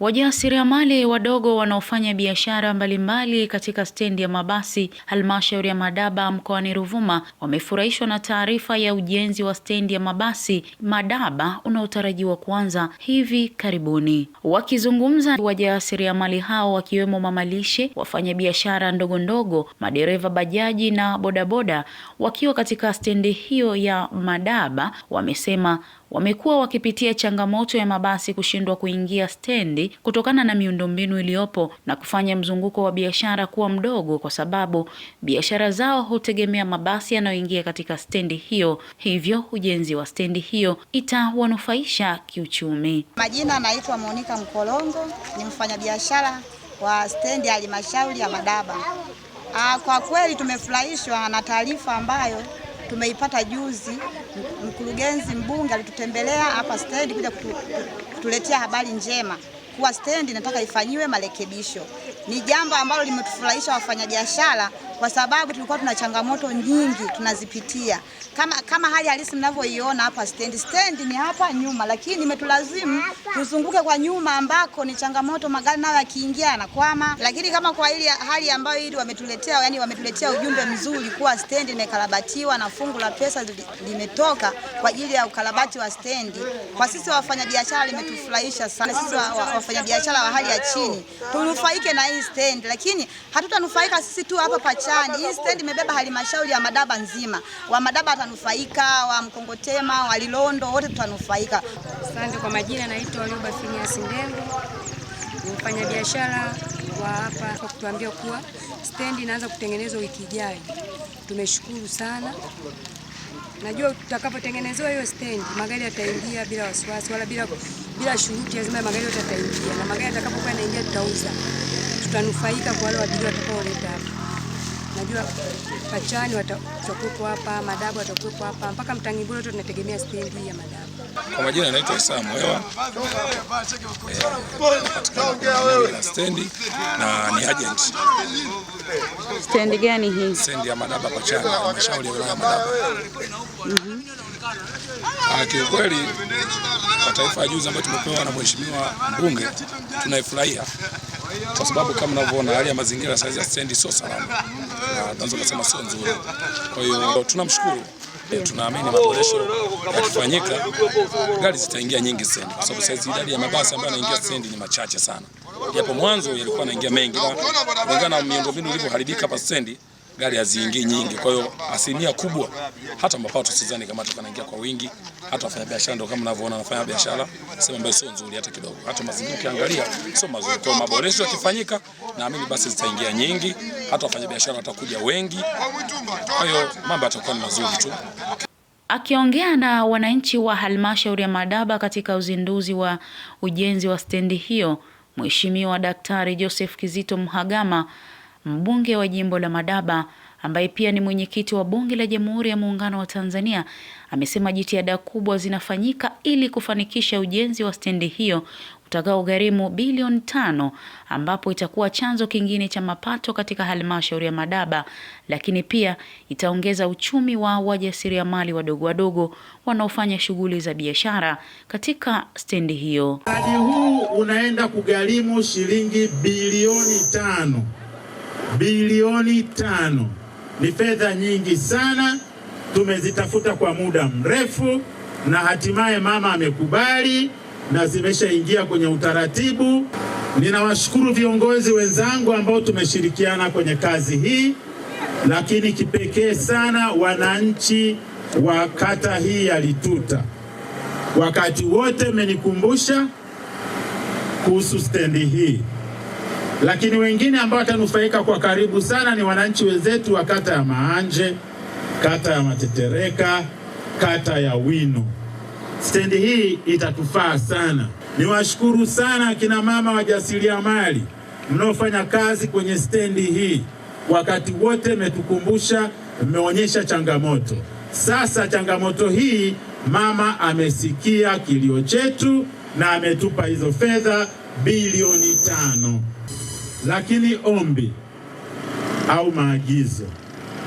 Wajasiriamali wadogo wanaofanya biashara mbalimbali katika stendi ya mabasi halmashauri ya Madaba mkoani Ruvuma wamefurahishwa na taarifa ya ujenzi wa stendi ya mabasi Madaba unaotarajiwa kuanza hivi karibuni. Wakizungumza wajasiriamali hao wakiwemo mamalishe, wafanya biashara ndogo ndogo, madereva bajaji na bodaboda wakiwa katika stendi hiyo ya Madaba wamesema wamekuwa wakipitia changamoto ya mabasi kushindwa kuingia stendi kutokana na miundombinu iliyopo na kufanya mzunguko wa biashara kuwa mdogo, kwa sababu biashara zao hutegemea mabasi yanayoingia katika stendi hiyo, hivyo ujenzi wa stendi hiyo itawanufaisha kiuchumi. Majina anaitwa monika Mkolongo, ni mfanyabiashara wa stendi ya halmashauri ya Madaba. Kwa kweli tumefurahishwa na taarifa ambayo tumeipata juzi. Mkurugenzi mbunge alitutembelea hapa stendi kuja kutuletea habari njema kuwa stendi inataka ifanyiwe marekebisho. Ni jambo ambalo limetufurahisha wafanyabiashara kwa sababu tulikuwa tuna changamoto nyingi tunazipitia, kama kama hali halisi mnavyoiona hapa. Stendi stendi ni hapa nyuma, lakini imetulazimu tuzunguke kwa nyuma ambako ni changamoto, magari nayo yakiingia yanakwama. Lakini kama kwa ili hali ambayo ili wametuletea, yani wametuletea ujumbe mzuri kuwa stendi imekarabatiwa na fungu la pesa limetoka kwa ajili ya ukarabati wa stendi. Kwa sisi wafanyabiashara limetufurahisha sana, sisi wa, wa, wafanyabiashara wa hali ya chini tunufaike na hii stendi, lakini hatutanufaika sisi tu hapa pacha madirishani. Hii stendi imebeba halmashauri ya Madaba nzima, wa Madaba watanufaika, wa Mkongotema, wa Lilondo wote tutanufaika. Asante. Kwa majina naitwa Luba Phineas Ndengu, mfanyabiashara wa hapa, kwa kutuambia kuwa stendi inaanza kutengenezwa wiki ijayo. Tumeshukuru sana. Najua tutakapotengenezewa hiyo stendi magari yataingia bila wasiwasi wala bila, bila shuruti. Lazima magari yote yataingia, na magari yatakapokuwa yanaingia tutauza, tutanufaika kwa wale wabiria watakaoleta hapa najua Pachani watakuwepo hapa, Madabu watakuwepo hapa, mpaka Mtangibula tu tunategemea stendi ya Madabu. Kwa majina anaitwa Saa Mwewa, patikana stendi na ni agent. Stendi gani hii? Stendi ya Madaba Pachani, halmashauri ya wilaya ya Madaba. Mhm. Ah, kiukweli kwa taifa ya juzi ambayo tumepewa na mheshimiwa mbunge tunaifurahia kwa sababu kama unavyoona hali ya mazingira sasa ya stendi sio salama, na tunaweza kusema sio nzuri. Kwa hiyo tunamshukuru tunaamini maboresho yakifanyika gari zitaingia nyingi stendi, kwa sababu sasa idadi ya mabasi ambayo yanaingia stendi ni machache sana, japo mwanzo yalikuwa yanaingia mengi, kulingana na miundombinu ilivyoharibika hapa stendi gari haziingii nyingi. Kwa hiyo asilimia kubwa hata mapato sidhani kama tutakaingia kwa wingi, hata wafanya biashara ndio kama unavyoona wanafanya biashara sema ambayo sio nzuri hata kidogo, hata mazingira ukiangalia sio mazuri. Kwa maboresho yakifanyika, naamini basi zitaingia nyingi, hata wafanya biashara watakuja wengi, kwa hiyo mambo yatakuwa ni mazuri tu. Akiongea na wananchi wa halmashauri ya Madaba katika uzinduzi wa ujenzi wa stendi hiyo, Mheshimiwa Daktari Joseph Kizito Mhagama mbunge wa jimbo la Madaba ambaye pia ni mwenyekiti wa bunge la Jamhuri ya Muungano wa Tanzania amesema jitihada kubwa zinafanyika ili kufanikisha ujenzi wa stendi hiyo utakaogharimu bilioni tano ambapo itakuwa chanzo kingine cha mapato katika halmashauri ya Madaba, lakini pia itaongeza uchumi wa wajasiriamali wadogo wadogo wanaofanya shughuli za biashara katika stendi hiyo. Mradi huu unaenda kugharimu shilingi bilioni tano bilioni tano. Ni fedha nyingi sana, tumezitafuta kwa muda mrefu na hatimaye mama amekubali na zimeshaingia kwenye utaratibu. Ninawashukuru viongozi wenzangu ambao tumeshirikiana kwenye kazi hii, lakini kipekee sana wananchi wa kata hii ya Lituta, wakati wote mmenikumbusha kuhusu stendi hii lakini wengine ambao watanufaika kwa karibu sana ni wananchi wenzetu wa kata ya Maanje, kata ya Matetereka, kata ya Wino. Stendi hii itatufaa sana. Niwashukuru sana akina mama wajasiriamali mnaofanya kazi kwenye stendi hii, wakati wote mmetukumbusha, mmeonyesha changamoto. Sasa changamoto hii mama amesikia kilio chetu na ametupa hizo fedha bilioni tano. Lakini ombi au maagizo,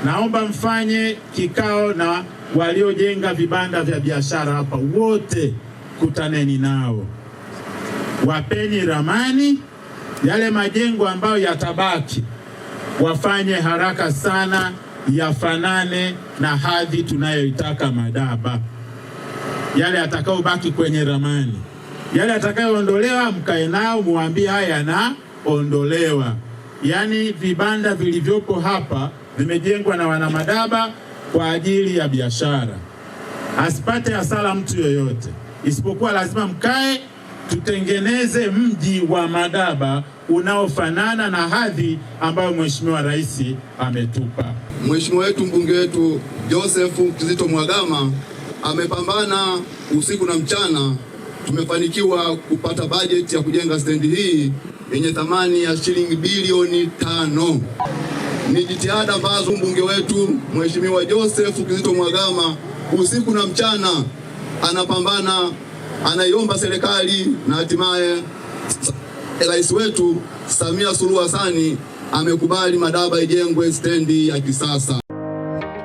naomba mfanye kikao na waliojenga vibanda vya biashara hapa, wote kutaneni nao, wapeni ramani yale majengo ambayo yatabaki wafanye haraka sana yafanane na hadhi tunayoitaka Madaba. Yale yatakayobaki kwenye ramani, yale yatakayoondolewa, mkae nao muambie haya na ondolewa. Yaani vibanda vilivyopo hapa vimejengwa na wanamadaba kwa ajili ya biashara, asipate hasara mtu yoyote, isipokuwa lazima mkae tutengeneze mji wa Madaba unaofanana na hadhi ambayo Mheshimiwa Rais ametupa. Mheshimiwa wetu mbunge wetu Joseph Kizito Mwagama amepambana usiku na mchana, tumefanikiwa kupata bajeti ya kujenga stendi hii yenye thamani ya shilingi bilioni tano. Ni jitihada ambazo mbunge wetu Mheshimiwa Joseph Kizito Mwagama usiku na mchana anapambana, anaiomba serikali na hatimaye rais wetu Samia Suluhu Hassan amekubali Madaba ijengwe stendi ya kisasa.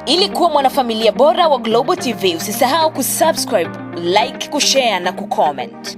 Ili kuwa mwanafamilia bora wa Global TV, usisahau kusubscribe, like, kushare na kucomment.